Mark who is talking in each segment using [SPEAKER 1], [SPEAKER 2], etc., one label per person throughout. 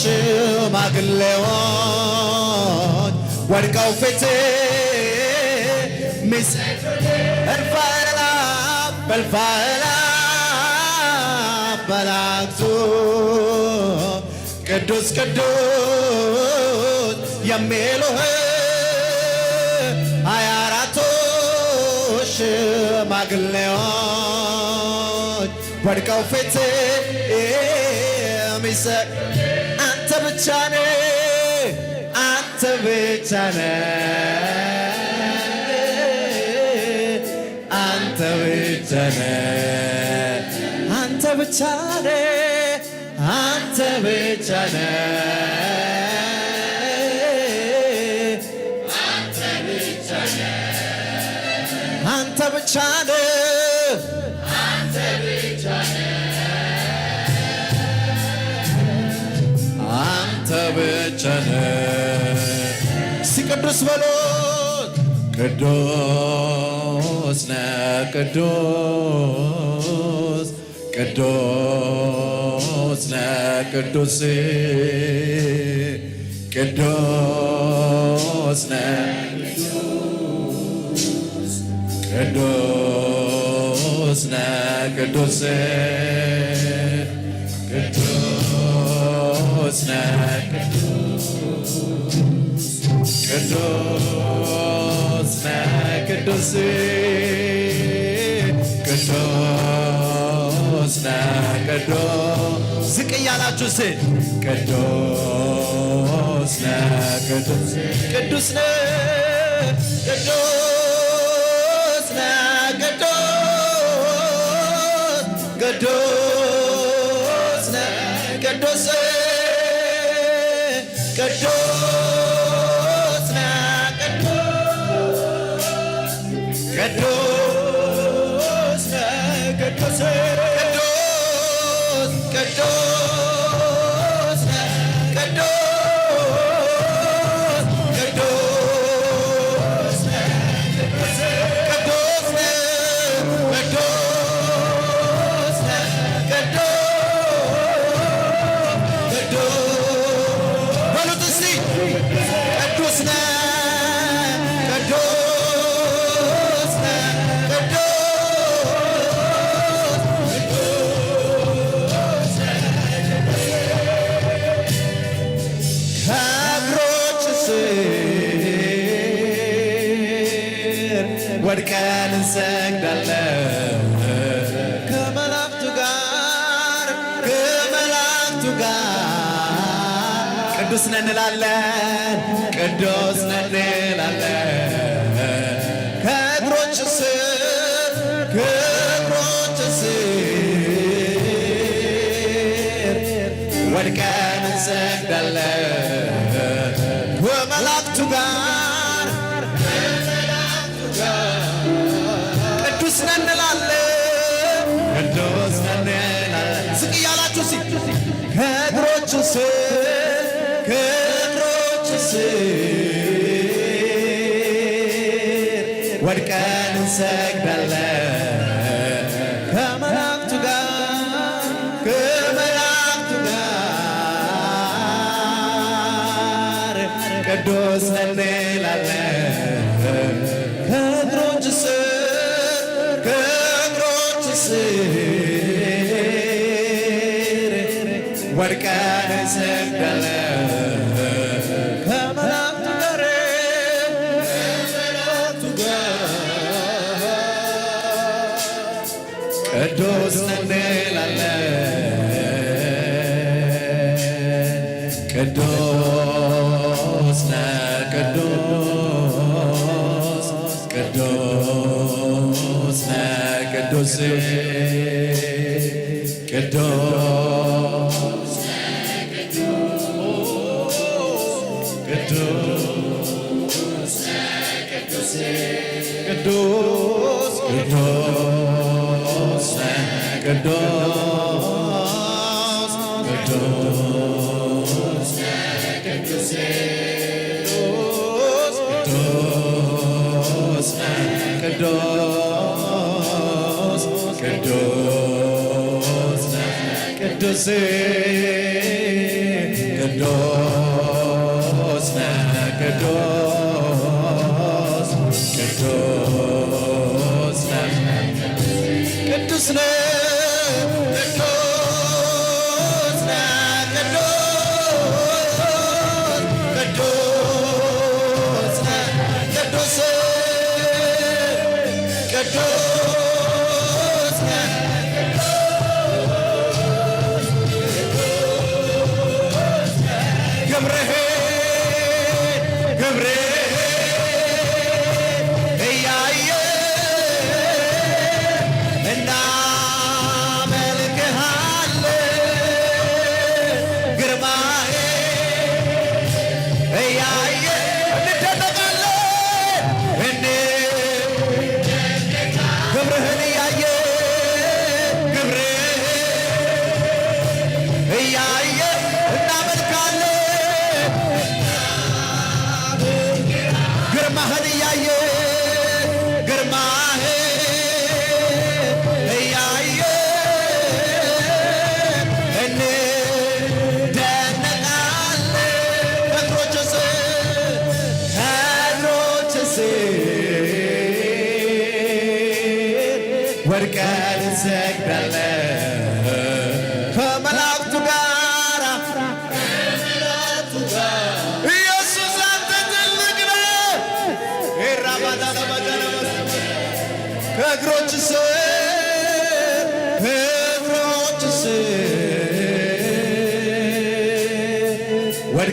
[SPEAKER 1] ሽማግሌዎች ወድቀው ፊት ሚስ እልፋላ በልፋላ መላእክቱ ቅዱስ ቅዱስ የሚሉህ ሃያ አራቱ ሽማግሌዎች ወድቀው ፊት ሚሰ ብቻ ነህ አንተ ብቻ ነህ አንተ ብቻ ነህ አንተ ብቻ ነህ አንተ ብቻ ነህ አንተ ብቻ ነህ በሎት ቅዱስ ነህ ቅዱስ ቅዱስ ነህ ቅዱስ ቅዱስ ነህ ቅዱስ ነህ ቅዱስ ቅዱስ ነህ ቅዱስ ነህ ቅዱስ ቅዱስ ነህ ቅዱስ ዝቅ እያላችሁ ስ ቅዱስ ነህ ቅዱስ ቅዱስ ነህ ቅዱስ ነህ ቅዱስ ቅዱስ ነህ ቅዱስ ቅዱስ ቅዱስ ነህ እንላለን ከእግሮች ስር ከእግሮች ስር ወድቀን እንሰግዳለን ከመላእክቱ ጋር ቅዱስ ነህ እንላለን ቅዱስ ነህ እንላለን ዝቅ እያላችሁ ከእግሮቹ ስር ከእግሮቹ ስር እንሰግዳለን ከመላእክቱ ጋር ከመላእክቱ ጋር ቅዱስ እንላለን ከእግሮች ስር ከእግሮች ስር ወድቀን እንሰግዳለን ቅዱስ እንላለን ቅዱስ ነ ቅዱስ ቅዱስ ነ ቅዱስ ቅዱስ ቅዱስ ቅዱስ ቅዱስ ቅዱስ ቅዱስ ቅዱስ ቅዱስ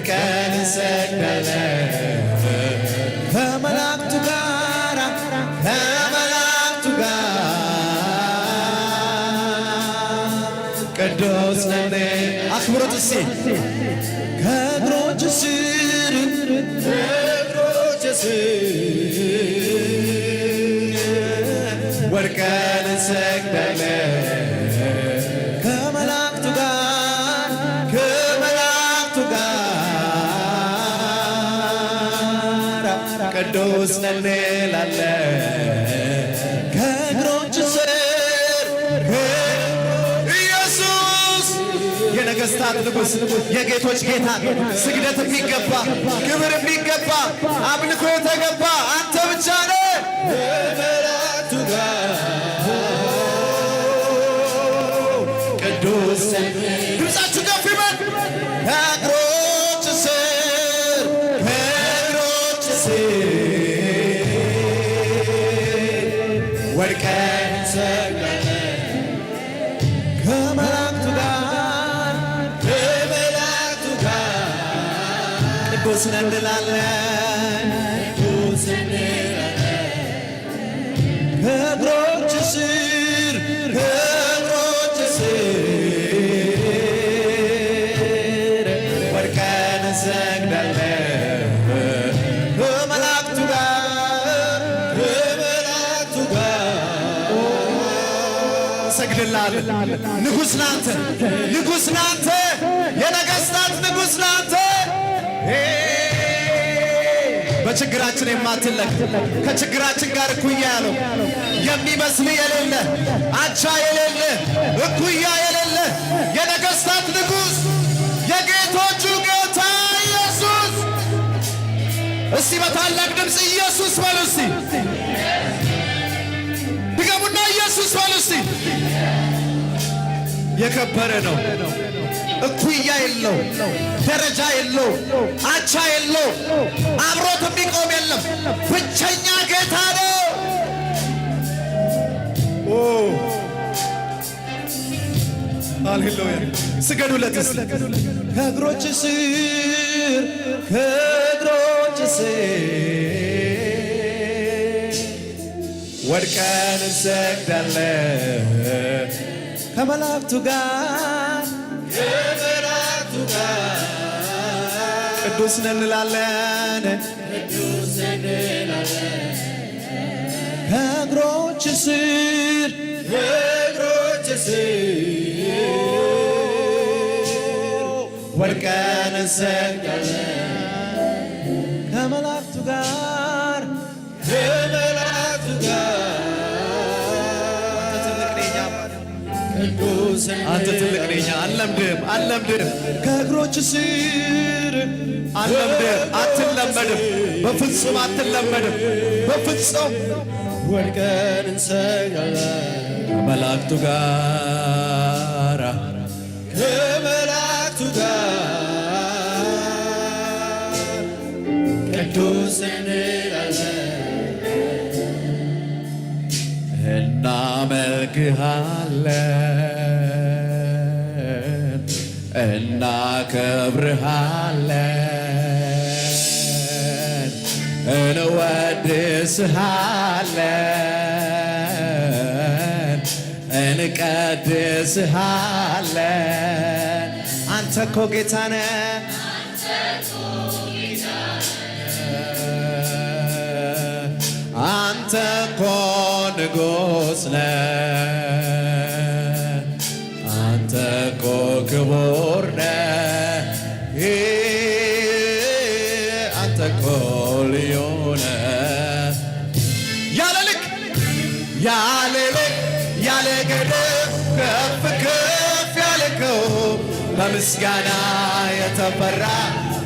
[SPEAKER 1] ቀን ሰገለ ከመላእክቱ ጋር ከመላእክቱ ጋር ቅዱስ ነህ አክብሮት እሴ ከእግሮች ስር ከእግሮች ስር ወድቀን ሰግደን ቅዱስ እንላለን ከእግሮች ስር ኢየሱስ የነገሥታት ንጉሥ የጌቶች ጌታ ስግደት የሚገባ ክብር የሚገባ አምልኮ የተገባ አንተ ብቻ ጋር ቅዱስ እሰግድልሃለሁ። ንጉሥ ናንተ፣ ንጉሥ ናንተ፣ የነገሥታት ንጉሥ ናንተ። በችግራችን የማትለቅ ከችግራችን ጋር እኩያ ያለው የሚመስል የሌለ አቻ የሌለ እኩያ የሌለ የነገሥታት ንጉሥ የጌቶቹ ጌታ ኢየሱስ። እስቲ በታላቅ ድምፅ ኢየሱስ በሉ እስቲ ድገሙና ኢየሱስ በሉ እስቲ የከበረ ነው። እኩያ የለው፣ ደረጃ የለው፣ አቻ የለው፣ አብሮት የሚቆም የለም። ብቸኛ ጌታ ነው። ሃሌሉያ! ስገዱለት ከእግሮች ስር ከእግሮች ስር ወድቀን እንሰግዳለን ከመላእክቱ ጋር ከመላእክቱ ጋር ቅዱስ ነን እንላለን ቅዱስ ነን እንላለን ከእግሮች ስር ከእግሮች ስር ወድቀን እንሰግዳለን ከመላእክቱ ጋር አንተ ትልቅ ነኛ አለምድም አለምድም ከእግሮች ስር አለምድም አትለመድም በፍጹም አትለመድም በፍጹም ወድቀን እንሰጋለን ከመላእክቱ ጋር ከመላእክቱ ጋር ቅዱስ እናመልክሃለን እናከብርሃለን፣ እንወድስሃለን፣ እንቀድስሃለን። አንተ እኮ ጌታ ነህ። አንተ እኮ ንጉሥ ነ አንተ እኮ ክቡር ምስጋና የተፈራ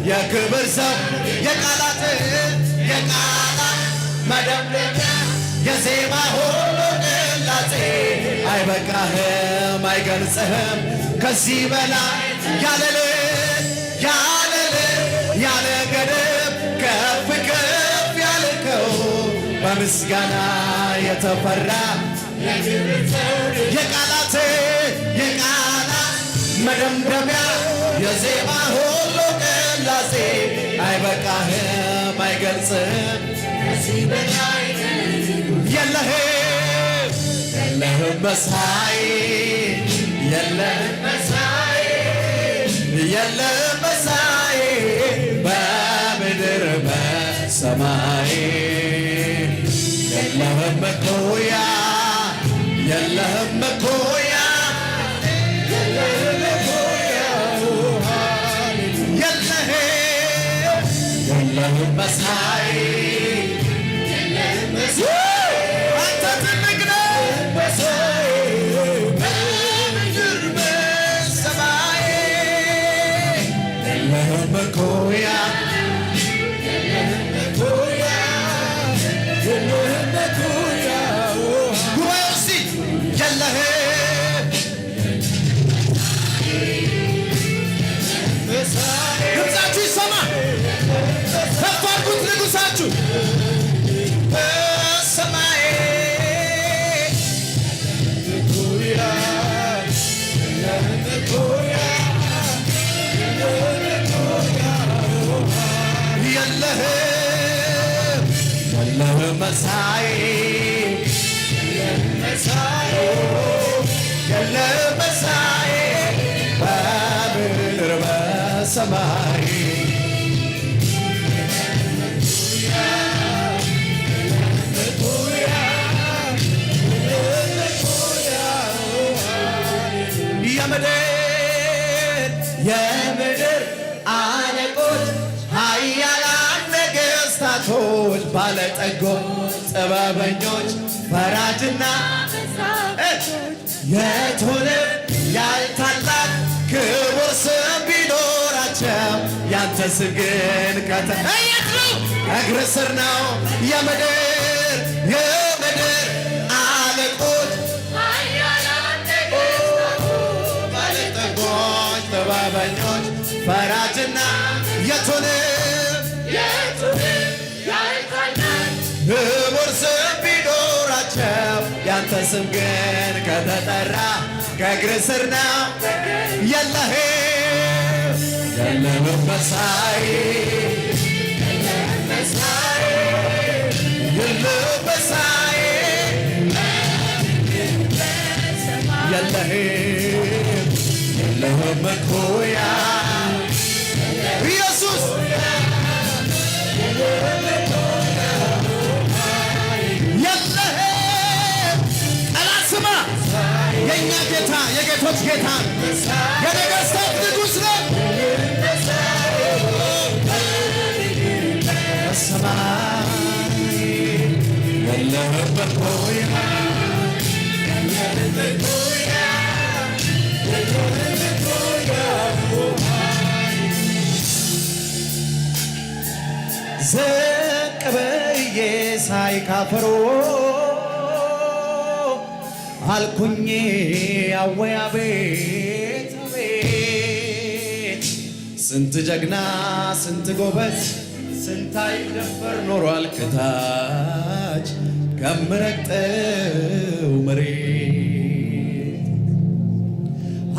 [SPEAKER 1] የክብር ሰው የቃላት የቃላት መደምደሚያ የዜማ ሁሉ ቅላጼ አይበቃህም አይገልጽህም ከዚህ በላይ ያለል ያለል ያለ ገደብ ከፍ ከፍ ያልከው በምስጋና የተፈራ የቃላት የቃላት መደምደሚያ የዜማ ሁሉ ቅላሴ አይበቃህም፣ አይገልጽህም የለህም የለህም መሳይ የለህም መሳይ የለህም መሳይ በምድር በሰማይ የለህም መኩያ የለህም መኩያ በፀሐይ የምድር የምድር አለቆች ኃያላን ነገሥታቶች ባለጠጎች ጥበበኞች ፈራጅና የቱንም ያህል ታላቅ ክቡር ስም ቢኖራቸው ያንተ ስም ግን ከተ እግር ስር ነው የምድር ፈራጅና የቱን ክቡር ስም ቢኖራቸው ያንተ ስም ግን ከተጠራ ከእግር ስር ነው የለህ የለህም መሳይ የለህም የለህም የእኛ ጌታ የጌቶች ጌታ የነገሥታት ንጉሥ ነው። ዝቅ ብዬ ሳይ ካፈሩ አልኩኝ አወያ ቤት ቤት ስንት ጀግና ስንት ጎበዝ ስንት አይደፈር ኖሯል ከታች ከምረግጠው መሬት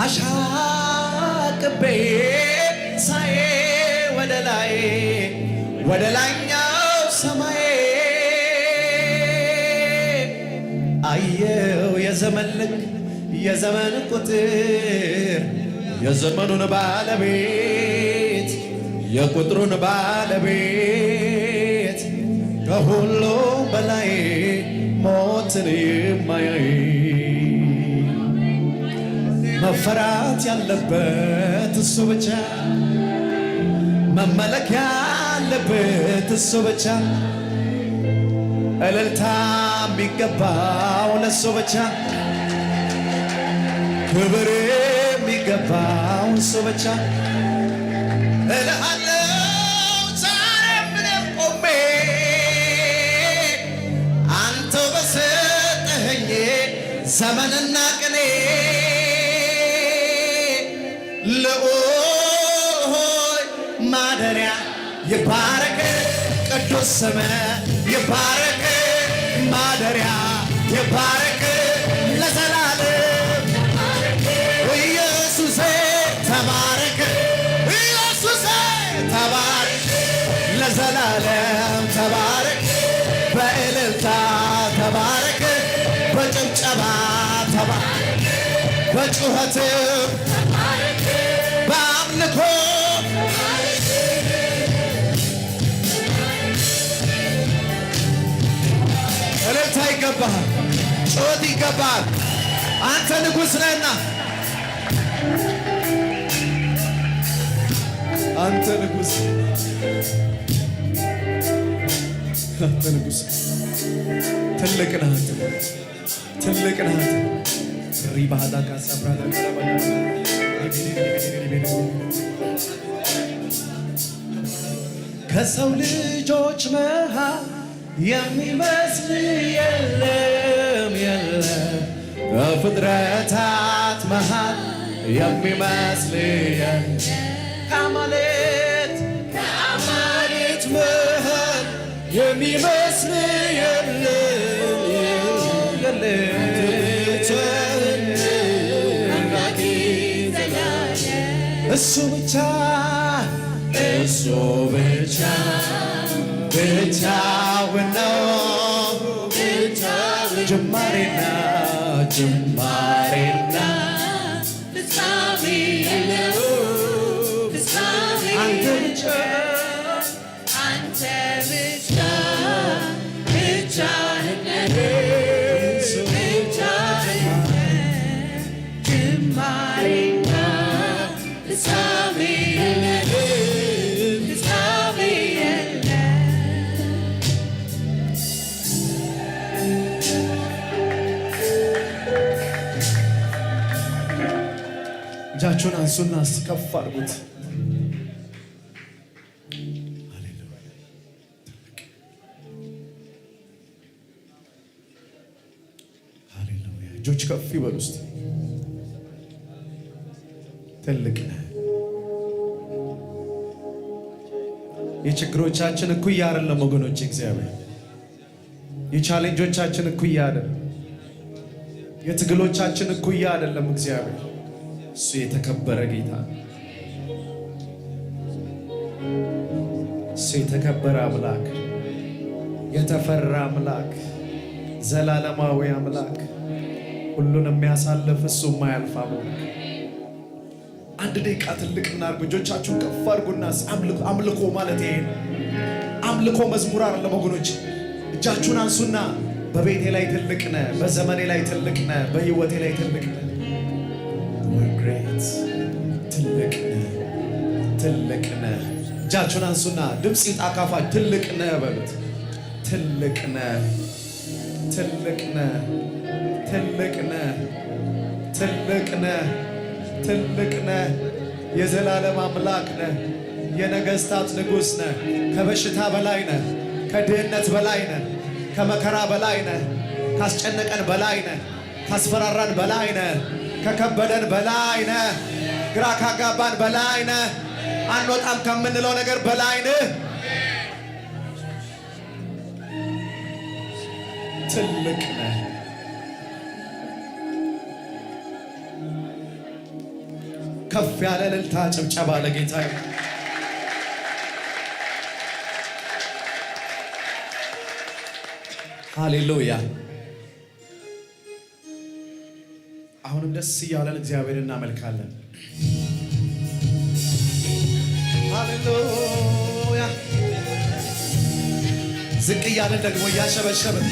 [SPEAKER 1] አሻቅቤ ሳዬ ወደ ላይ ወደ ላይ የዘመን ልክ የዘመን ቁጥር የዘመኑን ባለቤት የቁጥሩን ባለቤት ከሁሉ በላይ ሞትን የማያይ መፈራት ያለበት እሱ ብቻ፣ መመለክ ያለበት እሱ ብቻ እልልታ የሚገባው ለሱ ብቻ ክብር የሚገባው እሱ ብቻ ዛሬም ቆሜ አንተ በሰጠኸኝ ዘመንና ቅኔ ልኦሆይ ማደሪያ የባረከ ቅዱስ ስምህ ማደሪያ ይባረክ ለዘላለም ኢየሱሴ ተባረክ ኢየሱሴ ተባረክ ለዘላለም ተባረክ በእልልታ ተባረክ በጭብጨባ ተባረክ በጩኸትም ይገባል። አንተ ንጉሥ ነህና አንተ ንጉሥ አንተ ንጉሥ ትልቅ ነህ። አንተ ትልቅ ነህ። አንተ ሪባዳ ካሳብራ ከሰው ልጆች መሃ የሚመስል የለም በፍጥረታት መሃል የሚመስል ከአማልክት ከአማልክት መሃል የሚመስልየን እሱ ብቻ እሱ ብቻ ብቻውን ነው ቅዱሱና ከፍ አድርጉት። እጆች ከፍ ይበሉ። ውስጥ ትልቅ የችግሮቻችን እኩያ አይደለም ወገኖች፣ እግዚአብሔር የቻሌንጆቻችን እኩያ አይደለም፣ የትግሎቻችን እኩያ አይደለም እግዚአብሔር እሱ የተከበረ ጌታ እሱ የተከበረ አምላክ የተፈራ አምላክ ዘላለማዊ አምላክ ሁሉን የሚያሳልፍ እሱ የማያልፍ አምላክ። አንድ ደቂቃ ትልቅ እናርጉ። እጆቻችሁን ከፍ አድርጉና አምልኮ ማለት ይሄ አምልኮ መዝሙር አለ ወገኖች። እጃችሁን አንሱና በቤቴ ላይ ትልቅ ነህ፣ በዘመኔ ላይ ትልቅ ነህ፣ በህይወቴ ላይ ትልቅ ነህ ግሬት ትልቅ ትልቅ ነህ። እጃችሁን አንሱና ድምፅ ይውጣ ትልቅ ነህ በሉት። ትልቅ ነህ፣ ትልቅ ነ ትልቅ ነ ትልቅ ነህ፣ ትልቅ ነህ። የዘላለም አምላክ ነ፣ የነገስታት ንጉሥ ነ ከበሽታ በላይ ነ ከድህነት በላይ ነ ከመከራ በላይ ነ ካስጨነቀን በላይ ነ ካስፈራራን በላይ ነ። ከከበደን በላይ ነ ግራ ካጋባን በላይ ነ አንወጣም ከምንለው ነገር በላይ ነ ትልቅ ነ ከፍ ያለ ልልታ ጭብጨባ ለጌታ ሃሌሉያ። አሁንም ደስ እያለን እግዚአብሔር እናመልካለን። ዝቅ እያለን ደግሞ እያሸበሸበን።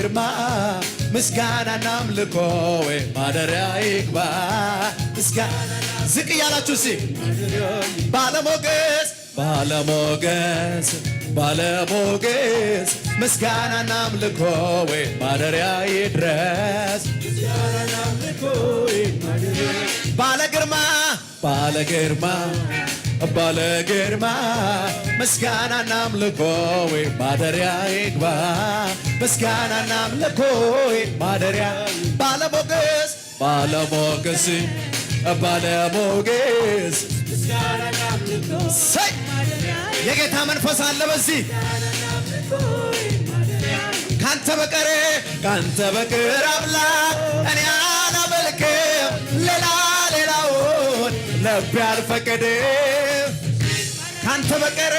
[SPEAKER 1] ግርማ ምስጋናና አምልኮ ወይ ማደሪያ ይግባ። ዝቅ እያላችሁ ሲ ባለሞገስ ባለሞገስ ባለሞገስ ምስጋናና አምልኮ ወይ ማደሪያ ይድረስ። ባለግርማ ባለግርማ ባለግርማ ምስጋናና አምልኮ ወይ ማደሪያ ይግባ ምስጋናና አምልኮዬ ማደሪያ ባለሞገስ ባለሞገስ ባለሞገስ የጌታ መንፈስ አለ በዚህ ካንተ በቀር ካንተ በቀር አምላክ እኔ አላመልክም ሌላ ሌላውን ልቤ አልፈቀድም ካንተ በቀር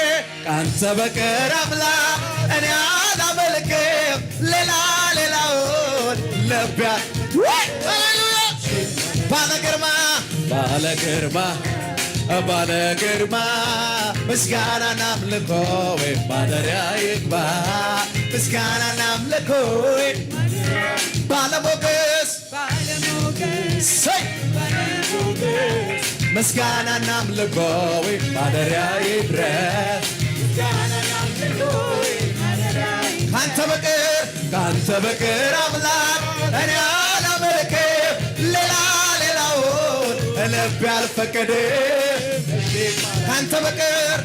[SPEAKER 1] ካንተ በቀር አምላክ እኔ አለባት ባለግርማ ባለግርማ ባለግርማ ምስጋናና አምልኮ ወይ ማደሪያ ይግባ ምስጋናና አምልኮ ባለሞገስ ምስጋናና አምልኮ ወይ ማደሪያ ይድረስ ካንተ በቀር ካንተ በቀር አምላክ እኔ አላመልክ ሌላ ሌላውን ልብ ያልፈቀደ ካንተ በቀር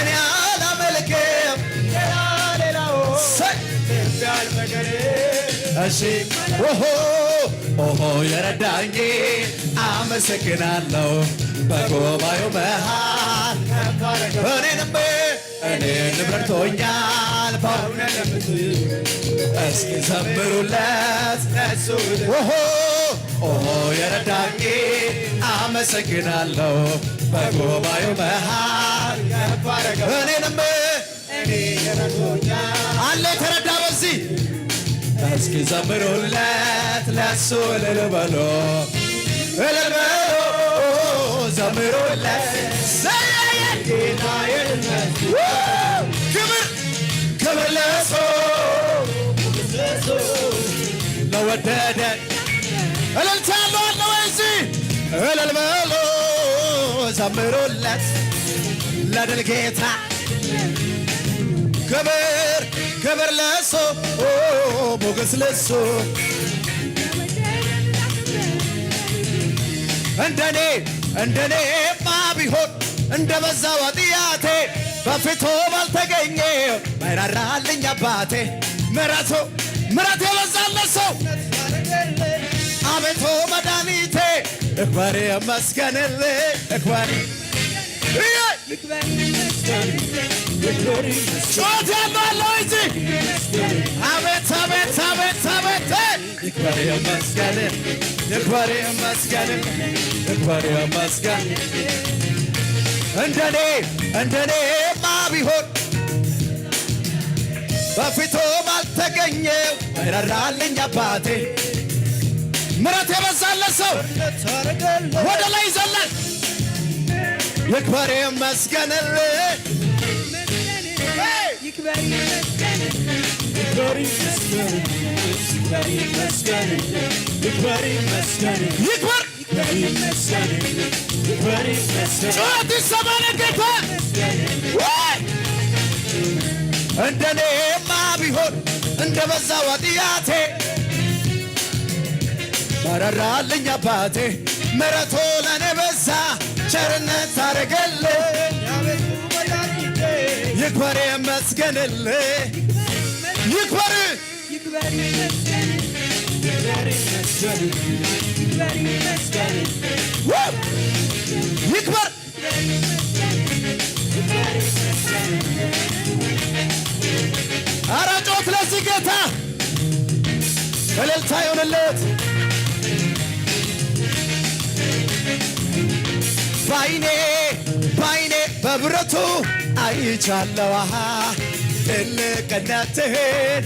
[SPEAKER 1] እኔ አላመልክ እሺ ኦሆ ኦሆ የረዳኝ አመሰግናለሁ በጉባኤው መሃል እኔንም እኔን ረድቶኛል አልባው ነለምት እስኪ ዘምሩለት ለሱ ኦሆ ኦሆ የረዳኝ አመሰግናለሁ በጉባኤው መሃል እኔንም አለ ተረዳ በዚህ እስኪ ዘምሩለት ለሱ እልል በሎ እልል ዘምሩለት ዘያ የጌታ ተመለሶ ለወደደን እልልታ ያለዋለ ወይዚ እልል በሎ ዘምሩለት ለድል ጌታ ክብር ክብር ለሱ ሞገስ ለሱ እንደኔ እንደኔማ ቢሆን እንደ በዛ ዋጢ በፊቱ ባልተገኘ ባይራራልኝ አባቴ ምረቱ ምረት የበዛለት ሰው አቤቱ መድኃኒቴ እክበር መስገንል እክበር ጮት ያለው እንጂ አቤት አቤት አቤት አቤት እክበር እንደኔ እንደኔማ ቢሆን በፊቱም አልተገኘው ይረራልኝ አባቴ ምረት የበዛለት ሰው ወደ ላይ ይዘለን ይክበር ይመስገንል ይክበር ጩኸት ይሰማል። ጌታ እንደኔማ ቢሆን እንደ በዛው ኃጢአቴ መረራልኝ አባቴ ምሕረቱ ለኔ በዛ ቸርነት ታደርገልኝ ይክበር ይመስገንልህ ይክበር ይክበር አራጮት ለዚህ ጌታ እልልታ ይሆንለት። ባይኔ ባይኔ በብረቱ አይቻለዋ ትልቅነትህን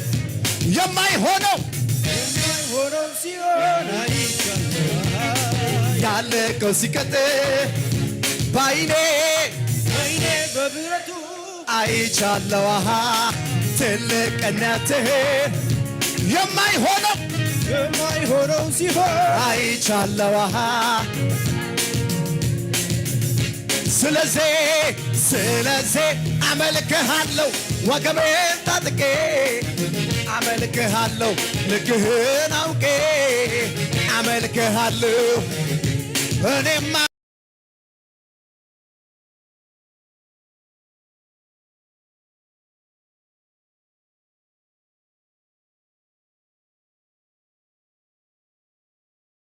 [SPEAKER 1] የማይሆነው ሆኖም ሲሆን ያለቀው ሲቀጥል ባይኔ አይኔ በብረቱ አይቻለው አሃ ትልቅነትህ የማይሆነው የማይሆነው ሲሆን አይቻለው አሃ ስለዚህ ስለዚህ አመልክሃለሁ ወገቤን ታጥቄ አመልክሃለሁ ልክህን አውቄ አመልክሃለሁ እኔማ